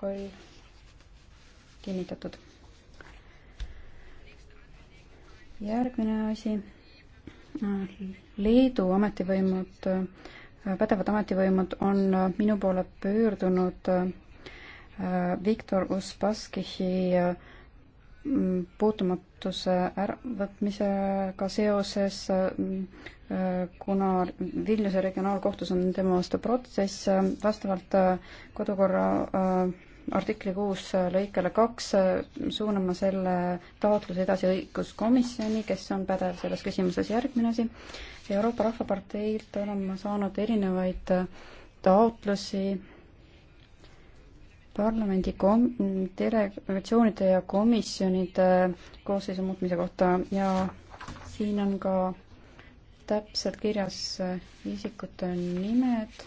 protokoll kinnitatud. järgmine asi. Leedu ametivõimud, pädevad ametivõimud on minu poole pöördunud äh, Viktor Uspaskihi äh, puutumatuse äravõtmisega seoses, äh, kuna Vilniuse regionaalkohtus on tema vastu protsess äh, vastavalt äh, kodukorra artikli kuus lõikele kaks suunama selle taotluse edasi õiguskomisjoni, kes on pädev selles küsimuses. järgmine asi, Euroopa Rahvaparteilt olen ma saanud erinevaid taotlusi parlamendi kom-, delegatsioonide ja komisjonide koosseisu muutmise kohta ja siin on ka täpselt kirjas isikute nimed